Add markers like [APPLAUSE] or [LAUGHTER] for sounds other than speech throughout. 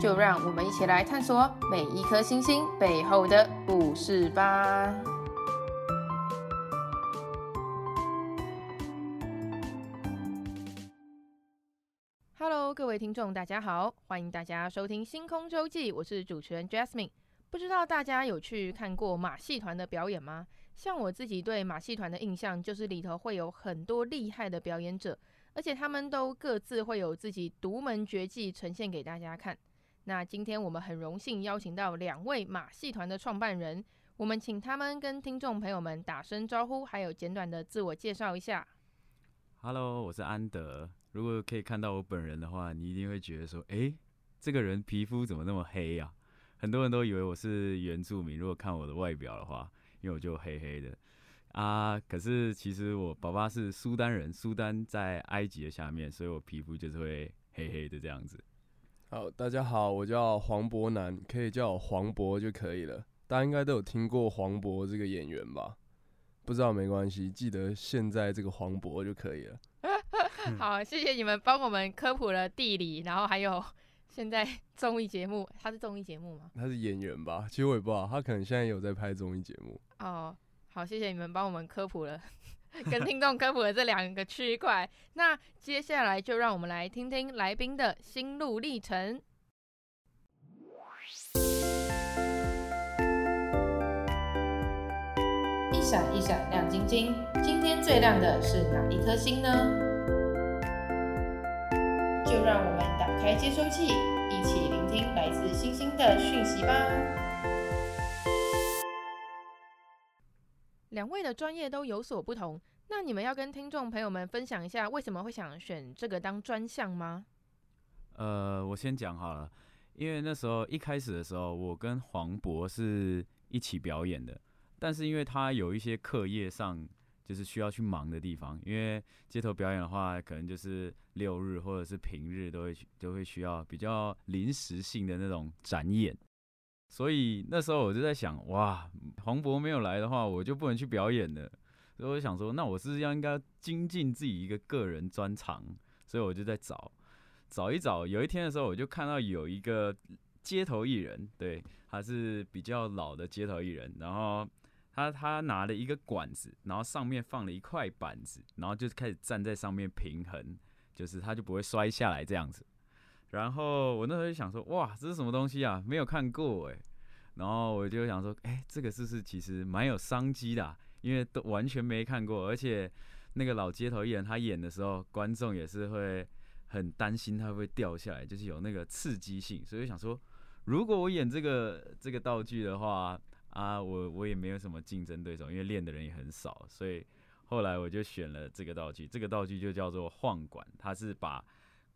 就讓我們一起來探索每一顆星星背後的故事吧。Hello，各位聽眾，大家好，歡迎大家收聽《星空周記》，我是主持人 Jasmine。不知道大家有去看過馬戲團的表演嗎？像我自己對馬戲團的印象，就是裡頭會有很多厲害的表演者，而且他們都各自會有自己獨門絕技呈現給大家看。那今天我們很榮幸邀請到兩位馬戲團的創辦人，我們請他們跟聽眾朋友們打聲招呼，還有簡短的自我介紹一下。Hello，我是安德。如果可以看到我本人的話，你一定會覺得說，哎，這個人皮膚怎麼那麼黑呀？很多人都以為我是原住民，如果看我的外表的話，因為我就黑黑的啊。可是其實我爸爸是蘇丹人，蘇丹在埃及的下面，所以我皮膚就是會黑黑的這樣子。好，大家好，我叫黃柏南，可以叫我黃柏就可以了。大家應該都有聽過黃渤這個演員吧？不知道沒關係，記得現在這個黃柏就可以了。 [LAUGHS] 好，謝謝你們幫我們科普了地理，然後還有現在綜藝節目，他是綜藝節目嗎？他是演員吧？其實我也不知道，他可能現在有在拍綜藝節目。哦，oh, 好，謝謝你們幫我們科普了。跟聽眾科普的這兩個區塊， [LAUGHS] 那接下來就讓我們來聽聽來賓的心路歷程。一閃一閃亮晶晶，今天最亮的是哪一顆星呢？就讓我們打開接收器，一起聆聽來自星星的訊息吧。兩位的專業都有所不同，那你們要跟聽眾朋友們分享一下為什麼會想選這個當專項嗎？呃，我先講好了，因為那時候一開始的時候，我跟黃渤是一起表演的，但是因為他有一些課業上就是需要去忙的地方，因為街頭表演的話，可能就是六日或者是平日都會都會需要比較臨時性的那種展演。所以那時候我就在想，哇，黃渤沒有來的話，我就不能去表演了。所以我就想說，那我是不是要應該精進自己一個個人專長？所以我就在找，找一找。有一天的時候，我就看到有一個街頭藝人，對，他是比較老的街頭藝人。然後他他拿了一個管子，然後上面放了一塊板子，然後就開始站在上面平衡，就是他就不會摔下來這樣子。然後我那時候就想說，哇，這是什麼東西啊？沒有看過哎。然後我就想說，哎，這個是不是其實蠻有商機的啊？因為都完全沒看過，而且那個老街頭藝人他演的時候，觀眾也是會很擔心他會，會掉下來，就是有那個刺激性。所以想說，如果我演這個這個道具的話，啊，我我也沒有什麼競爭對手，因為練的人也很少。所以後來我就選了這個道具，這個道具就叫做晃管，它是把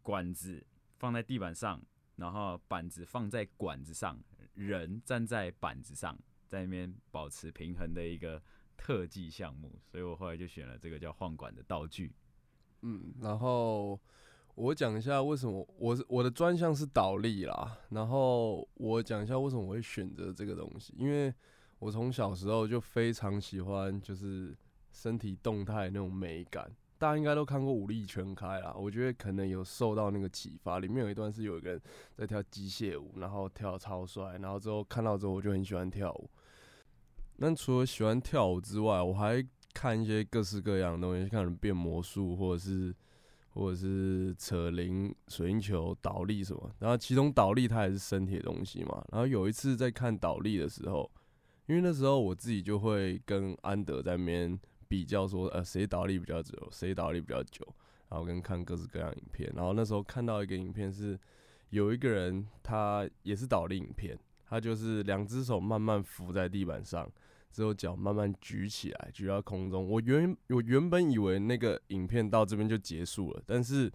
管子。放在地板上，然後板子放在管子上，人站在板子上，在那邊保持平衡的一個特技項目，所以我後來就選了這個叫晃管的道具。嗯，然後我講一下為什麼我是，我的專項是倒立啦，然後我講一下為什麼我會選擇這個東西，因為我從小時候就非常喜歡就是身體動態那種美感。大家應該都看過《武力全開》啦，我覺得可能有受到那個啟發。裡面有一段是有一個人在跳機械舞，然後跳得超帥，然後之後看到之後我就很喜歡跳舞。那除了喜歡跳舞之外，我還看一些各式各樣的東西，看什麼變魔術，或者是或者是扯鈴、水晶球、倒立什麼。然後其中倒立它也是身體的東西嘛。然後有一次在看倒立的時候，因為那時候我自己就會跟安德在那邊。比較說，呃，誰倒立比較久，誰倒立比較久，然後跟看各式各樣影片，然後那時候看到一個影片是，是有一個人，他也是倒立影片，他就是兩隻手慢慢扶在地板上，之後腳慢慢舉起來，舉到空中。我原我原本以為那個影片到這邊就結束了，但是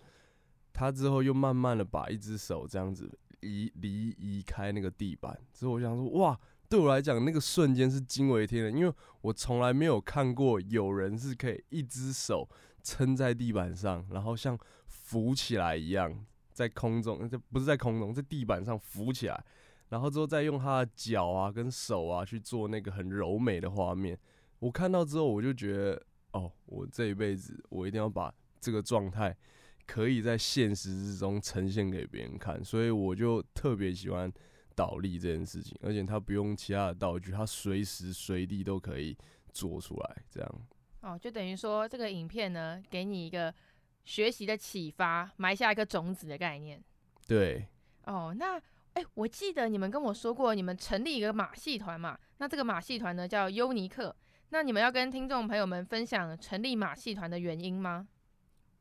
他之後又慢慢的把一隻手這樣子移移移開那個地板，之後我想說，哇。對我來講，那個瞬間是驚為天人，因為我從來沒有看過有人是可以一只手撐在地板上，然後像浮起來一樣在空中，呃，不是在空中，在地板上浮起來，然後之後再用他的腳啊跟手啊去做那個很柔美的畫面。我看到之後，我就覺得哦，我這一輩子我一定要把這個狀態可以在現實之中呈現給別人看，所以我就特別喜歡。倒立這件事情，而且他不用其他的道具，他隨時隨地都可以做出來，這樣。哦，就等於說這個影片呢，給你一個學習的啟發，埋下一個種子的概念。對。哦，那、欸、我記得你們跟我說過，你們成立一個馬戲團嘛？那這個馬戲團呢叫優尼克？那你們要跟聽眾朋友們分享成立馬戲團的原因嗎？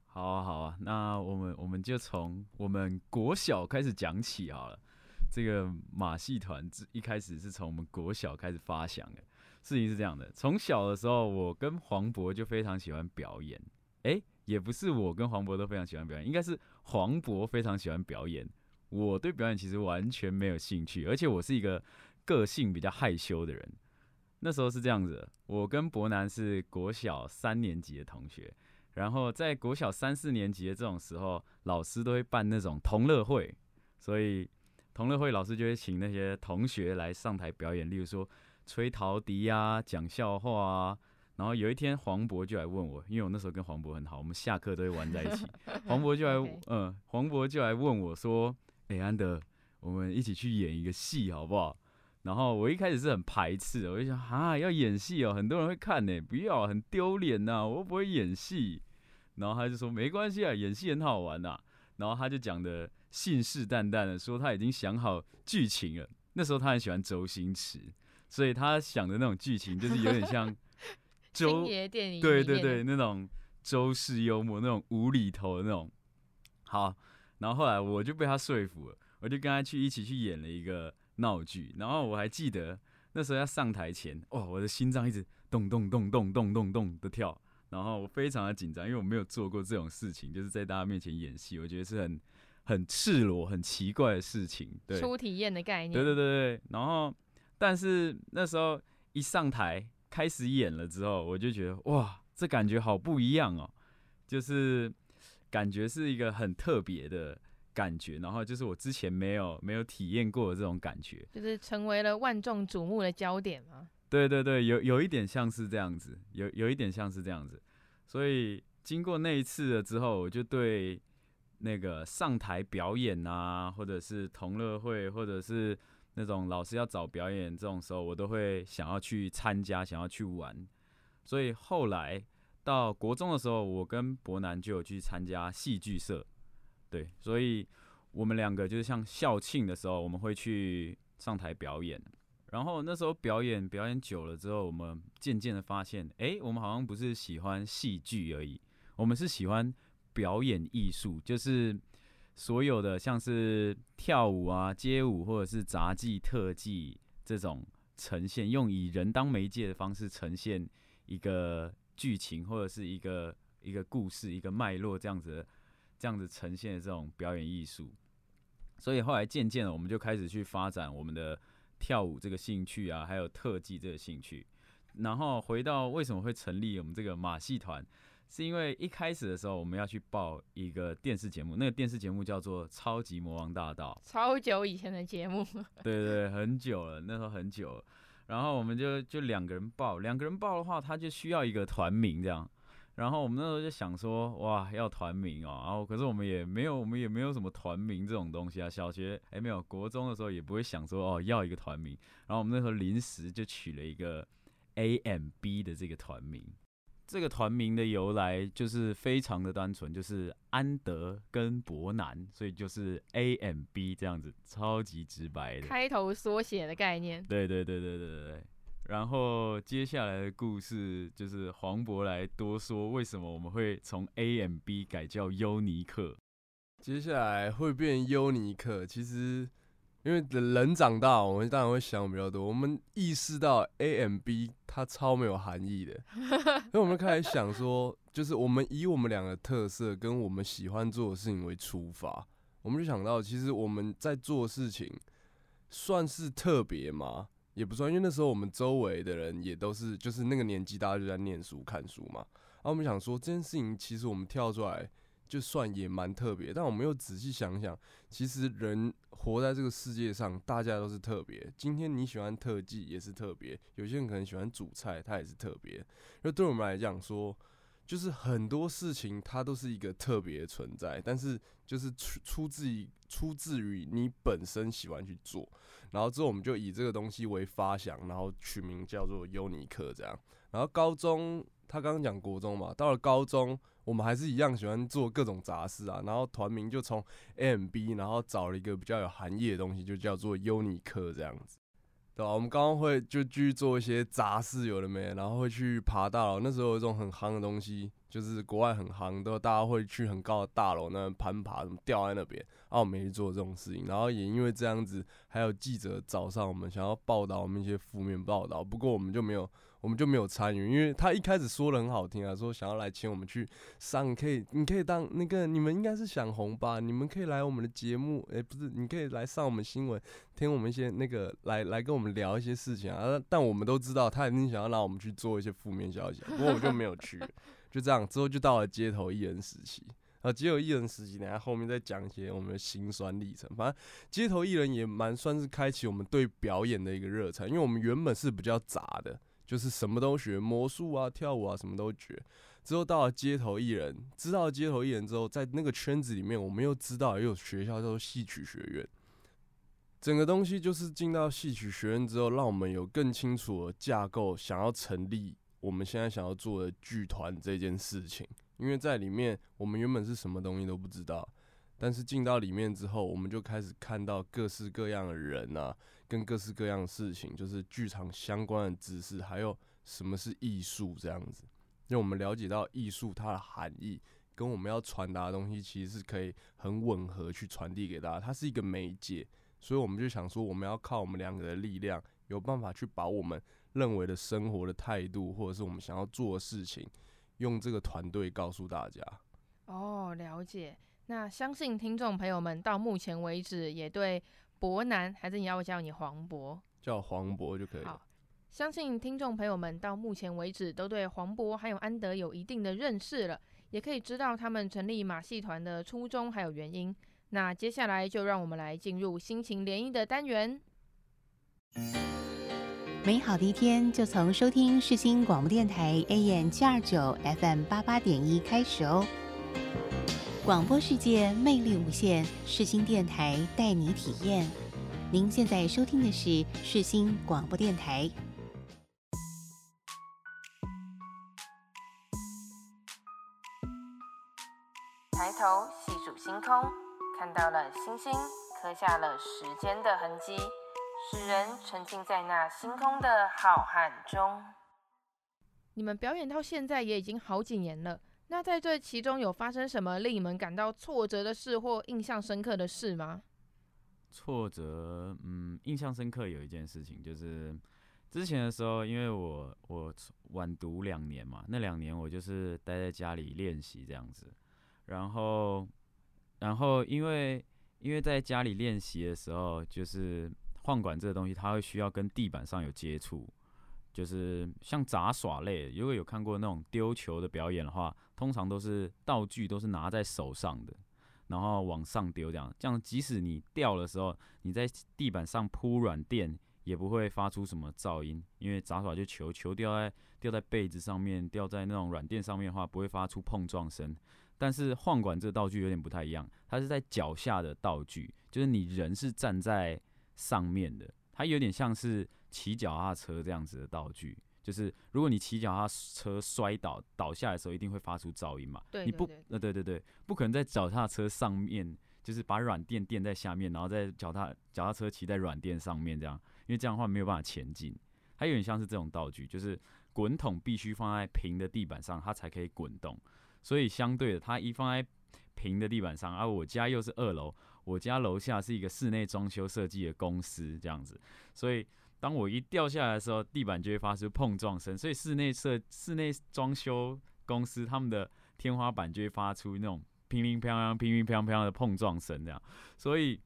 好啊，好啊，那我們我們就從我們國小開始講起好了。這個馬戲團一開始是從我們國小開始發祥的。事情是這樣的，從小的時候，我跟黃渤就非常喜歡表演。誒，也不是我跟黃渤都非常喜歡表演，應該是黃渤非常喜歡表演。我對表演其實完全沒有興趣，而且我是一個個性比較害羞的人。那時候是這樣子，我跟博南是國小三年級的同學，然後在國小三四年級的這種時候，老師都會辦那種同樂會，所以。同樂會，老師就會請那些同學來上台表演，例如說吹陶笛呀、啊、講笑話啊。然後有一天，黃渤就來問我，因為我那時候跟黃渤很好，我們下課都會玩在一起。 [LAUGHS] 黃渤就來，嗯 Okay.、呃，黃渤就來問我說：“哎、欸，安德，我們一起去演一個戲好不好？”然後我一開始是很排斥，我就想啊，要演戲哦，很多人會看呢、欸，不要，很丟臉吶，我又不會演戲。然後他就說：“沒關係啊，演戲很好玩吶、啊。”然後他就講的信誓旦旦的說，他已經想好劇情了。那時候他很喜歡周星馳，所以他想的那種劇情就是有點像周電影，對對對，那種周氏幽默，那種無厘頭的那種。好，然後後來我就被他說服了，我就跟他去一起去演了一個鬧劇。然後我還記得那時候要上台前，哇，我的心臟一直咚咚咚咚咚咚咚的跳。然後我非常的緊張，因為我沒有做過這種事情，就是在大家面前演戲，我覺得是很很赤裸、很奇怪的事情。對，初體驗的概念。對對對對，然後，但是那時候一上台開始演了之後，我就覺得哇，這感覺好不一樣哦，就是感覺是一個很特別的感覺，然後就是我之前沒有沒有體驗過的這種感覺。就是成為了萬眾矚目的焦點嗎？對對對，有有一點像是這樣子，有有一點像是這樣子，所以經過那一次了之後，我就對那個上台表演啊，或者是同樂會，或者是那種老師要找表演這種時候，我都會想要去參加，想要去玩。所以後來到國中的時候，我跟伯南就有去參加戲劇社，對，所以我們兩個就是像校慶的時候，我們會去上台表演。然後那時候表演表演久了之後，我們漸漸的發現，誒，我們好像不是喜歡戲劇而已，我們是喜歡表演藝術，就是所有的像是跳舞啊、街舞或者是雜技特技這種呈現，用以人當媒介的方式呈現一個劇情或者是一個一個故事、一個脈絡這樣子這樣子呈現的這種表演藝術。所以後來漸漸的，我們就開始去發展我們的跳舞這個興趣啊，還有特技這個興趣，然後回到為什麼會成立我們這個馬戲團，是因為一開始的時候我們要去報一個電視節目，那個電視節目叫做《超級魔王大道》，超久以前的節目，對，對對，很久了，那時候很久了，然後我們就就兩個人報，兩個人報的話，他就需要一個團名這樣。然後我們那時候就想說，哇，要團名哦。然後可是我們也沒有，我們也沒有什麼團名這種東西啊。小學哎沒有，國中的時候也不會想說哦，要一個團名。然後我們那時候臨時就取了一個 A M B 的這個團名。這個團名的由來就是非常的單純，就是安德跟博南，所以就是 A M B 這樣子，超級直白的，開頭縮寫的概念。對對對對對對對。然後接下來的故事就是黃渤來多說，為什麼我們會從 A M B 改叫尤尼克，接下來會變尤尼克。其實因為人長大，我們當然會想比較多。我們意識到 A M B 它超沒有含義的， [LAUGHS] 所以我們開始想說，就是我們以我們兩個特色跟我們喜歡做的事情為出發，我們就想到其實我們在做事情算是特別嗎？也不算，因為那時候我們周圍的人也都是，就是那個年紀，大家就在念書、看書嘛。然後我們想說，這件事情其實我們跳出來就算也蠻特別。但我們又仔細想想，其實人活在這個世界上，大家都是特別。今天你喜歡特技也是特別，有些人可能喜歡煮菜，它也是特別。就對我們來講說。就是很多事情它都是一個特別存在，但是就是出自出自於出自於你本身喜歡去做，然後之後我們就以這個東西為發想，然後取名叫做尤尼克這樣。然後高中，他剛剛講國中嘛，到了高中我們還是一樣喜歡做各種雜事啊，然後團名就從 MB 然後找了一個比較有含義的東西，就叫做尤尼克這樣子。對，我們剛剛會就去做一些雜事，有的沒？然後會去爬大樓。那時候有一種很夯的東西，就是國外很夯，都大家會去很高的大樓那邊攀爬、爬，什麼掉在那邊？然後我們沒去做這種事情，然後也因為這樣子，還有記者找上我們，想要報道我們一些負面報道。不過我們就沒有。我們就沒有參與，因為他一開始說的很好聽啊，說想要來請我們去上，K，你，你可以當那個，你們應該是想紅吧？你們可以來我們的節目，哎、欸，不是，你可以來上我們新聞，聽我們一些那個，來來跟我們聊一些事情啊。但我們都知道，他肯定想要讓我們去做一些負面消息。不過我就沒有去， [LAUGHS] 就這樣之後就到了街頭藝人時期。啊，街頭藝人時期呢，等下後面再講一些我們的心酸歷程。反正街頭藝人也蠻算是開啟我們對表演的一個熱忱，因為我們原本是比較雜的。就是什麼都學，魔術啊、跳舞啊，什麼都學。之後到了街頭藝人，知道街頭藝人之後，在那個圈子裡面，我們又知道也有學校叫做戲曲學院。整個東西就是進到戲曲學院之後，讓我們有更清楚的架構，想要成立我們現在想要做的劇團這件事情。因為在裡面，我們原本是什麼東西都不知道。但是進到裡面之後，我們就開始看到各式各樣的人啊，跟各式各樣的事情，就是劇場相關的知識，還有什麼是藝術這樣子，就我們了解到藝術它的含義，跟我們要傳達的東西其實是可以很吻合去傳遞給大家。它是一個媒介，所以我們就想說，我們要靠我們兩個的力量，有辦法去把我們認為的生活的態度，或者是我們想要做的事情，用這個團隊告訴大家。哦，了解。那相信聽眾朋友們到目前為止也對博南，還是你要我叫你黃博，叫黃博就可以了？好，相信聽眾朋友們到目前為止都對黃博還有安德有一定的認識了，也可以知道他們成立馬戲團的初衷還有原因。那接下來就讓我們來進入心情聯姻的單元。美好的一天就從收聽世新廣播電台 AM 七二九 F M 八八點一開始哦。廣播世界魅力無限，世新電臺帶你體驗。您現在收聽的是世新廣播電臺。抬頭細數星空，看到了星星，刻下了時間的痕跡，使人沉浸在那星空的浩瀚中。你們表演到現在也已經好幾年了。那在這其中有發生什麼令你們感到挫折的事或印象深刻的事嗎？挫折，嗯，印象深刻有一件事情，就是之前的時候，因為我我晚讀兩年嘛，那兩年我就是待在家裡練習這樣子，然後然後因為因為在家裡練習的時候，就是晃管這個東西，它會需要跟地板上有接觸。就是像雜耍類，如果有看過那種丟球的表演的話，通常都是道具都是拿在手上的，然後往上丟這樣。這樣即使你掉的時候，你在地板上鋪軟墊，也不會發出什麼噪音，因為雜耍就球，球掉在掉在被子上面，掉在那種軟墊上面的話，不會發出碰撞聲。但是晃管這個道具有點不太一樣，它是在腳下的道具，就是你人是站在上面的，它有點像是。騎腳踏車這樣子的道具，就是如果你騎腳踏車摔倒倒下的時候，一定會發出噪音嘛？對，對，你不呃對對對，不可能在腳踏車上面就是把軟墊墊在下面，然後在腳踏腳踏車騎在軟墊上面這樣，因為這樣的話沒有辦法前進。還有點像是這種道具，就是滾筒必須放在平的地板上，它才可以滾動。所以相對的，它一放在平的地板上，而、啊、我家又是二樓，我家樓下是一個室內裝修設計的公司這樣子，所以。當我一掉下來的時候，地板就會發出碰撞聲，所以室內設室內裝修公司他們的天花板就會發出那種乒乒乓乓、乒乒乓乓，乓，乓，乓乓的碰撞聲，這樣。所以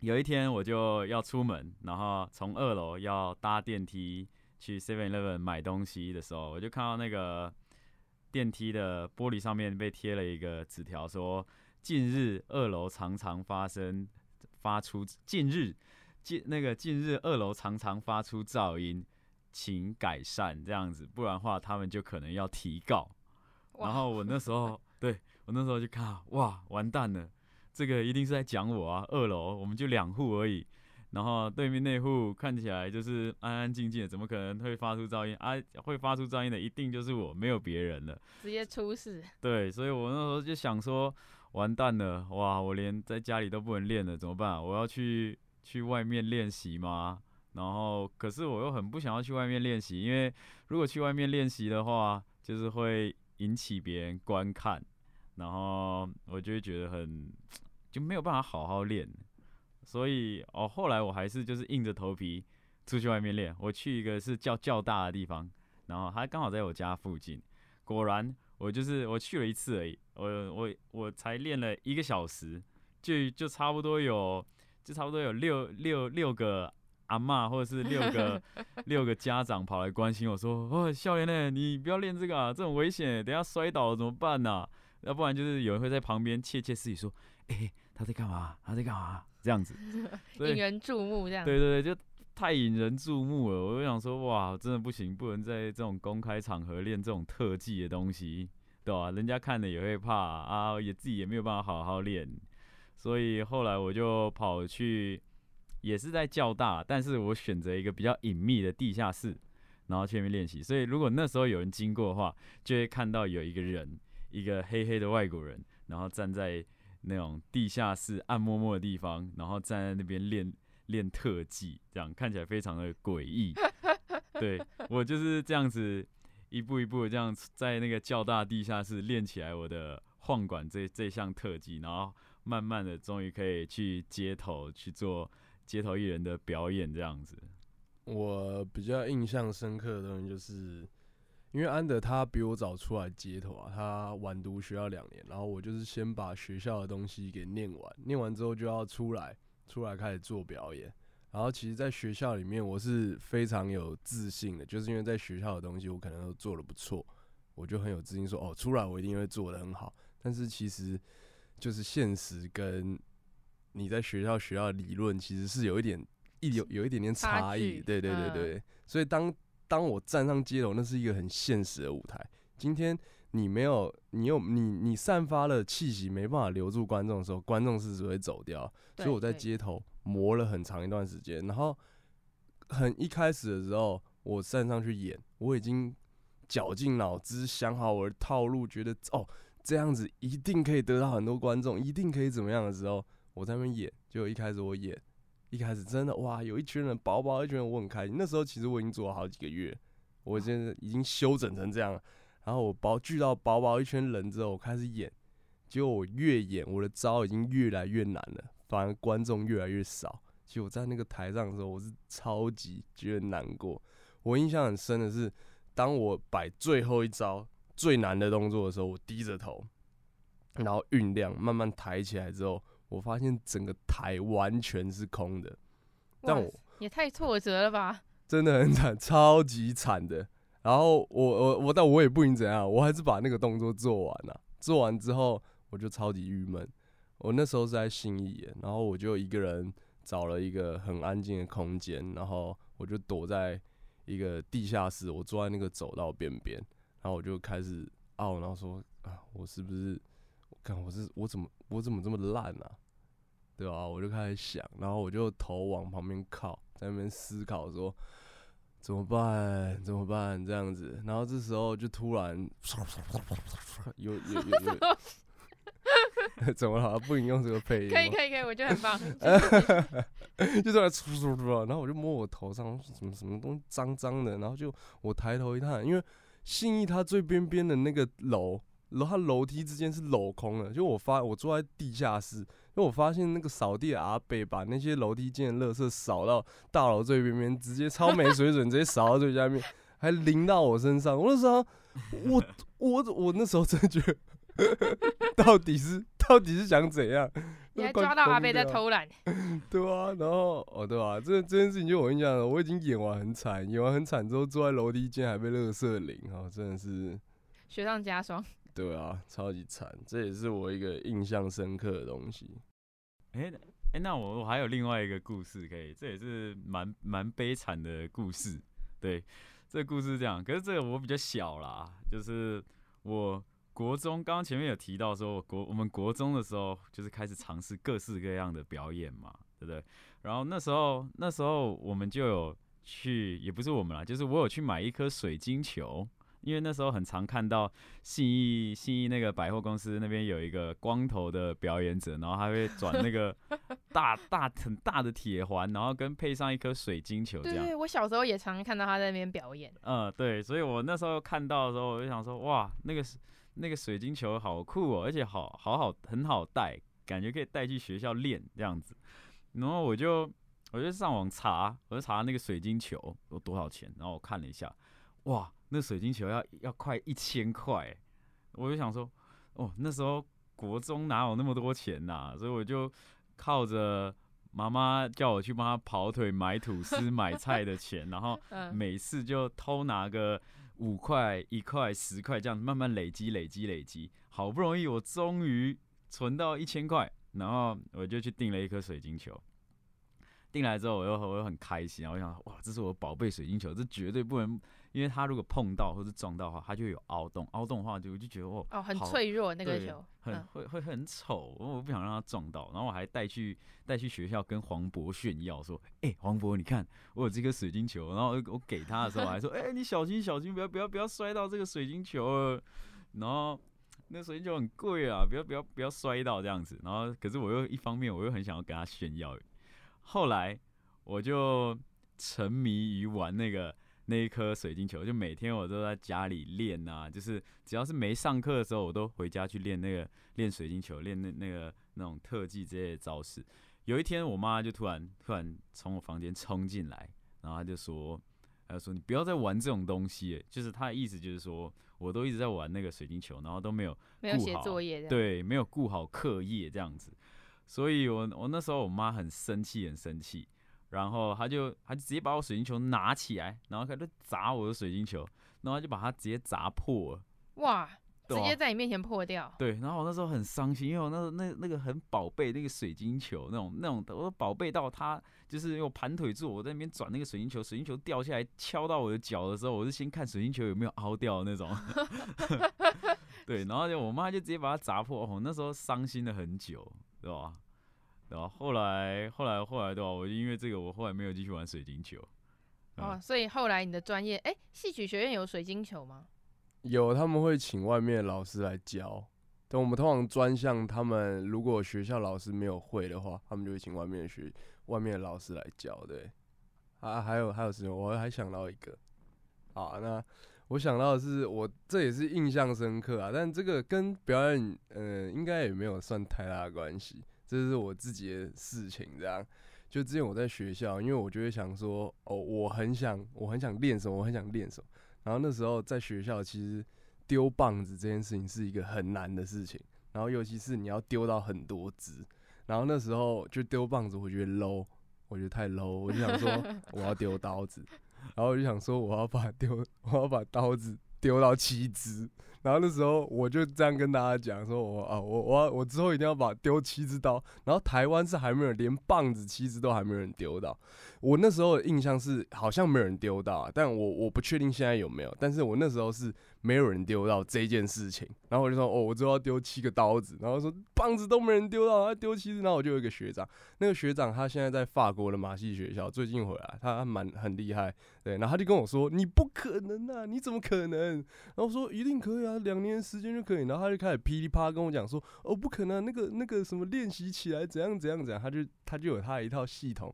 有一天我就要出門，然後從二樓要搭電梯去 Seven Eleven 買東西的時候，我就看到那個電梯的玻璃上面被貼了一個紙條說，說近日二樓常常發生發出近日。近那個近日二樓常常發出噪音，請改善這樣子，不然的話他們就可能要提告。哇 然後我那時候對我那時候就看，哇，完蛋了，這個一定是在講我啊！二樓我們就兩戶而已，然後對面那戶看起來就是安安靜靜的，怎麼可能會發出噪音啊？會發出噪音的一定就是我，沒有別人了，直接出事。對，所以我那時候就想說，完蛋了，哇，我連在家裡都不能練了，怎麼辦啊？我要去。去外面練習嗎？然後可是我又很不想要去外面練習，因為如果去外面練習的話，就是會引起別人觀看，然後我就會覺得很就沒有辦法好好練。所以哦，後來我還是就是硬着頭皮出去外面練。我去一個是較較大的地方，然後他剛好在我家附近。果然，我就是我去了一次而已，我我我才練了一個小時，就就差不多有。就差不多有六六六個阿嬤，或者是六個 [LAUGHS] 六個家長跑來關心我說：“哦、欸，少年呢，你不要練這個、啊，這種危險、欸，等下摔倒了怎麼辦呢、啊、要不然就是有人會在旁邊竊竊私語說、欸：他在幹嘛？他在幹嘛？這樣子， [LAUGHS] 引人注目這樣子。對對對，就太引人注目了。我就想說，哇，真的不行，不能在這種公開場合練這種特技的東西，對吧、啊？人家看了也會怕啊，也自己也沒有辦法好好練。”所以後來我就跑去，也是在教大，但是我選擇一個比較隱秘的地下室，然後去那邊練習。所以如果那時候有人經過的話，就會看到有一個人，一個黑黑的外國人，然後站在那種地下室暗摸摸的地方，然後站在那邊練練特技，這樣看起來非常的詭異。對，我就是這樣子一步一步這樣在那個教大地下室練起來我的晃管這這項特技，然後。慢慢的，終於可以去街頭去做街頭藝人的表演這樣子。我比較印象深刻的東西，就是因為安德他比我早出來街頭啊，他晚讀學校兩年，然後我就是先把學校的東西給念完，念完之後就要出來，出來開始做表演。然後其實，在學校裡面我是非常有自信的，就是因為在學校的東西我可能都做的不錯，我就很有自信說，哦，出來我一定會做的很好。但是其實。就是現實跟你在學校學校的理論其實是有一點一有有一點點差異，對對對對對。所以當當我站上街頭，那是一個很現實的舞台。今天你沒有你又你你散發了氣息，沒辦法留住觀眾的時候，觀眾是只會走掉。所以我在街頭磨了很長一段時間，然後很一開始的時候，我站上去演，我已經絞盡腦汁想好我的套路，覺得哦。這樣子一定可以得到很多觀眾，一定可以怎麼樣的時候，我在那邊演，就一開始我演，一開始真的哇，有一群人，薄薄一圈人，我很開心。那時候其實我已經做了好幾個月，我現在已經修整成這樣了。然後我包聚到薄薄一圈人之後，我開始演，結果我越演我的招已經越來越難了，反而觀眾越來越少。其實我在那個台上的時候，我是超級覺得難過。我印象很深的是，當我擺最後一招。最難的動作的時候，我低着頭，然後醞釀，慢慢抬起來之後，我發現整個台完全是空的。哇塞，但我也太挫折了吧！真的很慘，超級慘的。然後我我我，但我也不管怎樣，我還是把那個動作做完了啊。做完之後，我就超級鬱悶。我那時候是在信義，然後我就一個人找了一個很安靜的空間，然後我就躲在一個地下室，我坐在那個走道邊邊。然後我就開始懊，然後說啊，我是不是？看我是我怎麼我怎麼這麼爛啊？對吧、啊？我就開始想，然後我就頭往旁邊靠，在那邊思考說怎麼辦？怎麼辦？這樣子。然後這時候就突然 [LAUGHS] [LAUGHS] [LAUGHS] 怎麼了？不能用這個配音 [LAUGHS] 可以可以可以，我就很棒。哈哈哈！ [LAUGHS] [LAUGHS] 就突然唰然後我就摸我頭上，什麼什麼東西髒脏的。然後就我抬頭一看，因為。信義他最邊邊的那個樓樓它樓梯之間是鏤空的，就我發我坐在地下室，因為我發現那個掃地的阿北把那些樓梯間的垃圾掃到大樓最邊邊，直接超沒水準，直接掃到最下面，還淋到我身上。我那時候我我我那時候真覺得呵呵，到底是到底是想怎樣？你還抓到阿伯在偷懶， [LAUGHS] 對啊，然後哦對啊這這件事情就我跟你講了，我已經演完很慘，演完很慘之後坐在樓梯間還被垃圾淋啊、哦，真的是雪上加霜。對啊，超級慘，這也是我一個印象深刻的東西。哎哎、欸欸，那我我還有另外一個故事可以，這也是蠻蠻悲慘的故事。對，這個故事是這樣，可是這個我比較小啦，就是我。國中剛剛前面有提到說，我國我們國中的時候，就是開始嘗試各式各樣的表演嘛，對不對？然後那時候，那時候我們就有去，也不是我們啦，就是我有去買一顆水晶球，因為那時候很常看到信義，信義那個百貨公司那邊有一個光頭的表演者，然後他會轉那個大 [LAUGHS] 大、大很大的鐵環，然後跟配上一顆水晶球這樣。對對，我小時候也常看到他在那邊表演。嗯，對，所以我那時候看到的時候，我就想說，哇，那個是。那個水晶球好酷哦，喔，而且好好好，好很好帶，感覺可以帶去學校練這樣子。然後我就，我就上網查，我就查那個水晶球有多少錢。然後我看了一下，哇，那水晶球要要快一千塊、欸。我就想說，哦，喔，那時候國中哪有那麼多錢吶、啊？所以我就靠着媽媽叫我去幫她跑腿買吐司、買菜的錢， [LAUGHS] 然後每次就偷拿個。五塊、一塊、十塊，這樣慢慢累積、累積、累積，好不容易我終於存到一千塊，然後我就去訂了一顆水晶球。訂來之後，我又我又很開心，我想，哇，這是我寶貝水晶球，這絕對不能。因為他如果碰到或是撞到的話，他就會有凹洞，凹洞的話就我就覺得哦哦很脆弱好那個球，對很會、嗯、會很醜，我我不想讓他撞到，然後我還帶去帶去學校跟黃渤炫耀說，哎、欸、黃渤你看我有這個水晶球，然後我給他的時候還說，哎、 [LAUGHS] 欸、你小心小心不要不要不要摔到這個水晶球，然後那個水晶球很貴啊，不要不要不要摔到這樣子，然後可是我又一方面我又很想要跟他炫耀，後來我就沉迷於玩那個。那一顆水晶球，就每天我都在家裡練啊，就是只要是沒上課的時候，我都回家去練那個練水晶球，練那那個那種特技之類的招式。有一天，我媽就突然突然從我房間衝進來，然後她就說：“她就說你不要再玩這種東西。”就是她的意思就是說，我都一直在玩那個水晶球，然後都沒有顧好沒有寫作業，對，沒有顧好課業這樣子。所以我，我我那時候我媽很生氣，很生氣。然後他就他就直接把我水晶球拿起來，然後他就砸我的水晶球，然後他就把它直接砸破了。哇，吧直接在你面前破掉。對，然後我那時候很傷心，因為我那時候那那個很寶貝那個水晶球，那種那種我都寶貝到他就是用盤腿坐，我在那邊轉那個水晶球，水晶球掉下來敲到我的腳的時候，我是先看水晶球有沒有凹掉那種。 [LAUGHS] [LAUGHS] 對，然後就我媽就直接把它砸破，我那時候傷心了很久，對吧？然後後來後來後來的話、啊，我因為這個，我後來沒有繼續玩水晶球。嗯、哦，所以後來你的專業，哎，戲曲學院有水晶球嗎？有，他們會請外面的老師來教。等我們通常專項，他們如果學校老師沒有會的話，他們就會請外面學、外面的老師來教。對，啊，還有還有什麼？我還想到一個。啊，那我想到的是，我這也是印象深刻啊，但這個跟表演，呃，應該也沒有算太大的關係。這是我自己的事情，這樣。就之前我在學校，因為我就會想說，哦，我很想，我很想練什麼，我很想練什麼。然後那時候在學校，其實丟棒子這件事情是一個很難的事情。然後尤其是你要丟到很多隻。然後那時候就丟棒子，我覺得 low，我覺得太 low。我就想說，我要丟刀子。然後我就想說，我要把丟，我要把刀子丟到七隻。然後那時候我就這樣跟大家講說，我啊，我我啊我之後一定要把丟七支刀。然後台灣是還沒有連棒子七支都還沒有人丟到，我那時候的印象是好像沒有人丟到，但我我不確定現在有沒有。但是我那時候是。沒有人丟到這件事情，然後我就說，哦，我就要丟七個刀子。然後我說棒子都沒人丟到，要丟七隻。然後我就有一個學長，那個學長他現在在法國的馬戲學校，最近回來，他蠻很厲害，對。然後他就跟我說，你不可能啊，你怎麼可能？然後我說一定可以啊，兩年時間就可以。然後他就開始噼里啪啦跟我講說，哦，不可能啊，那個那個什麼練習起來怎樣怎樣怎樣，他就他就有他一套系統。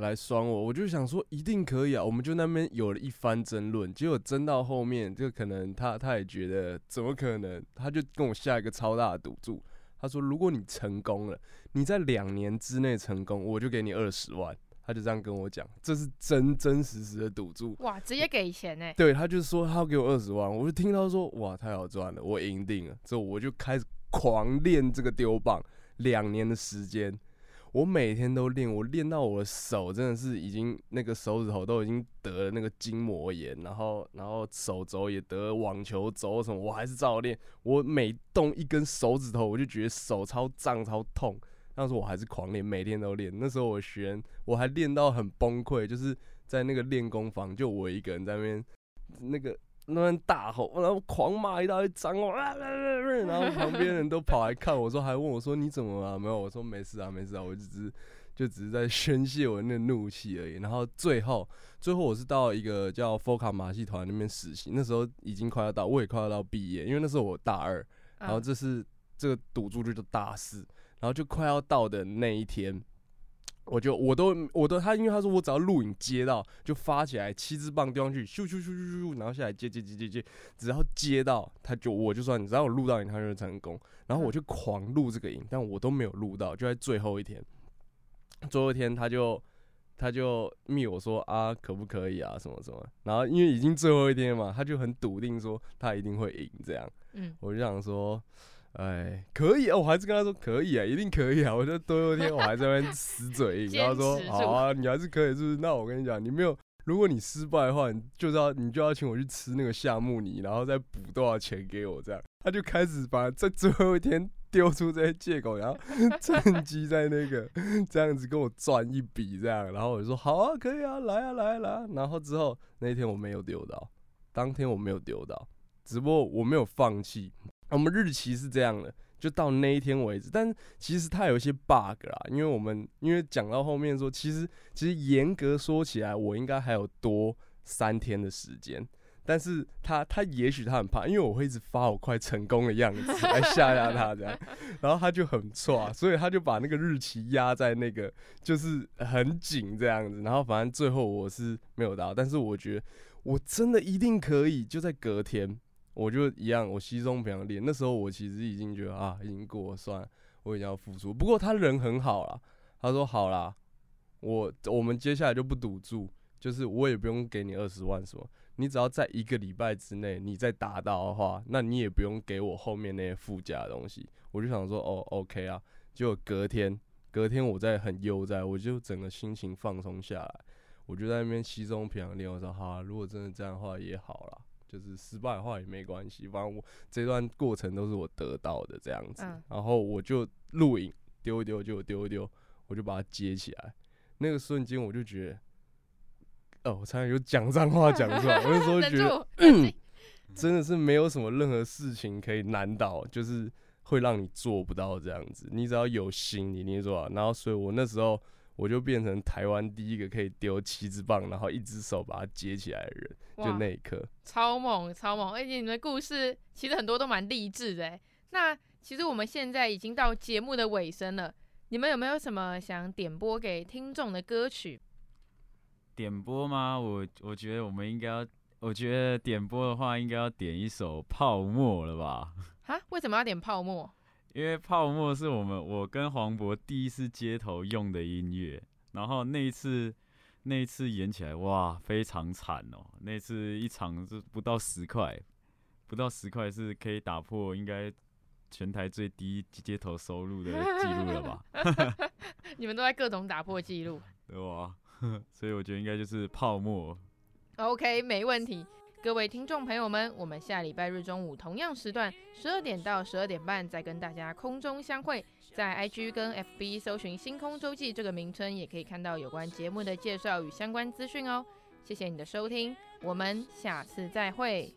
來酸我，我就想說一定可以啊！我們就那邊有了一番爭論，結果爭到後面，就可能他他也覺得怎麼可能，他就跟我下一個超大的賭注，他說，如果你成功了，你在兩年之內成功，我就給你二十萬。他就這樣跟我講，這是真真實實的賭注，哇，直接給錢呢、欸？對，他就說他要給我二十萬，我就聽到說哇，太好賺了，我贏定了。之後我就開始狂練這個丟棒，兩年的時間。我每天都練，我練到我的手真的是已經那個手指頭都已經得了那個筋膜炎，然後然後手肘也得了網球肘什麼，我還是照練。我每動一根手指頭，我就覺得手超脹超痛，但是我還是狂練，每天都練。那時候我學，我還練到很崩潰，就是在那個練功房，就我一個人在那邊那個。那邊大吼，然後狂罵，一大堆髒話，然後旁邊人都跑來看，我說 [LAUGHS] 還問我說，你怎麼了？沒有，我說沒事啊，沒事啊，我只是就只是在宣泄我那個怒氣而已。然後最後最後我是到一個叫佛卡馬戲團那邊實習，那時候已經快要到，我也快要到畢業，因為那時候我大二，然後這是、嗯、這個賭注就是大四，然後就快要到的那一天。我就我都我都他，因為他說我只要錄影接到就發起來，七支棒丟上去，咻咻咻咻咻，然後下來接接接接接，只要接到他就我就算你知道我錄到你，他就成功，然後我就狂錄這個影，但我都沒有錄到，就在最後一天，最後一天他就他就密我說啊可不可以啊什麼什麼，然後因為已經最後一天嘛，他就很篤定說他一定會贏這樣，嗯，我就想說。哎，可以啊！我還是跟他說可以啊、欸，一定可以啊！我就多最一天我還在那邊死嘴硬， [LAUGHS] 住然後說好啊，你還是可以，是不是？那我跟你講，你沒有，如果你失敗的話，你就要你就要請我去吃那個項目你然後再補多少錢給我這樣。他就開始把在最後一天丟出這些借口，然後趁機 [LAUGHS] 在那個這樣子跟我賺一筆這樣。然後我就說好啊，可以啊，來啊，來啊來、啊。然後之後那天我沒有丟到，當天我沒有丟到，只不過我沒有放棄。我們日期是這樣的，就到那一天為止。但是其實他有一些 bug 啦，因為我們因為講到後面說，其實其實嚴格說起來，我應該還有多三天的時間。但是他他也許他很怕，因為我會一直發我快成功的樣子來嚇嚇他這樣， [LAUGHS] 然後他就很剉，所以他就把那個日期壓在那個就是很緊這樣子。然後反正最後我是沒有到，但是我覺得我真的一定可以，就在隔天。我就一樣，我稀鬆平常練。那時候我其實已經覺得啊，已經過了算了，我已經要付出。不過他人很好啦，他說好啦，我我們接下來就不賭注，就是我也不用給你二十萬什麼，你只要在一個禮拜之內你再達到的話，那你也不用給我後面那些附加的東西。我就想說哦，OK 啊，結果隔天，隔天我在很悠哉，我就整個心情放鬆下來，我就在那邊稀鬆平常練。我說好啦，如果真的這樣的話也好啦。就是失敗的話也沒關係，反正我這段過程都是我得到的這樣子，嗯、然後我就錄影丟一丟就丟一丟，我就把它接起來。那個瞬間我就覺得，哦，我差點有講髒話講出來， [LAUGHS] 我那時候覺得，真的是沒有什麼任何事情可以難倒，就是會讓你做不到這樣子，你只要有心你一定然後所以我那時候。我就變成台灣第一個可以丟七支棒，然後一隻手把它接起來的人，哇就那一刻超猛超猛！而且、欸、你們故事其實很多都蠻勵志的、欸。那其實我們現在已經到節目的尾聲了，你們有沒有什麼想點播給聽眾的歌曲？點播嗎？我我覺得我們應該要，我覺得點播的話應該要點一首《泡沫》了吧？啊？為什麼要點《泡沫》？因為《泡沫》是我們我跟黃渤第一次街頭用的音樂，然後那一次，那一次演起來哇，非常慘哦、喔。那次一場是不到十塊，不到十塊是可以打破應該全台最低街頭收入的記錄了吧？ [LAUGHS] [LAUGHS] 你們都在各種打破記錄，對吧？ [LAUGHS] 所以我覺得應該就是《泡沫》。OK，沒問題。各位聽眾朋友們，我們下禮拜日中午同樣時段，十二點到十二點半再跟大家空中相會。在 IG 跟 FB 搜尋“星空週記”這個名稱，也可以看到有關節目的介紹與相關資訊哦。謝謝你的收聽，我們下次再會。